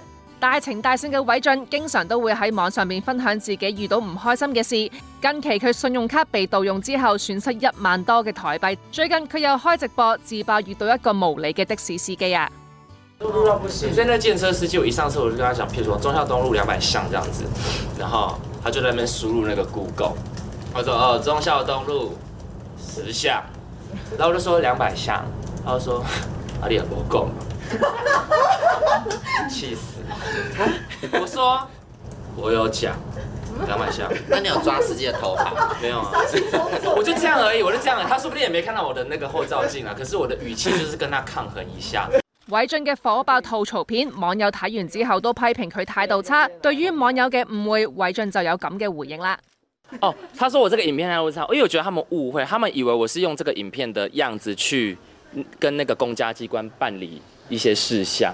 大情大性嘅韋俊經常都會喺網上面分享自己遇到唔開心嘅事。近期佢信用卡被盜用之後，損失一萬多嘅台幣。最近佢又開直播自爆遇到一個無理嘅的，的士司機啊！你以呢，見車司機我一上車我就跟他講，譬如說中校東路兩百巷這樣子，然後他就在那邊輸入那個 Google，我說哦中校東路十巷，然後我就說兩百巷，他說阿、啊、你有 Google，氣死！ 我說，我有講兩百下，那你有抓司機的頭髮？ 沒有啊， 我就這樣而已，我就這樣而已。他說不定也沒看到我的那個後照鏡啊，可是我的語氣就是跟他抗衡一下。偉俊嘅火爆吐槽片，網友睇完之後都批評佢態度差。對於網友嘅誤會，偉俊就有咁嘅回應啦。哦，他說我這個影片態度差，我有覺得他們誤會，他們以為我是用這個影片的樣子去跟那個公家機關辦理一些事項。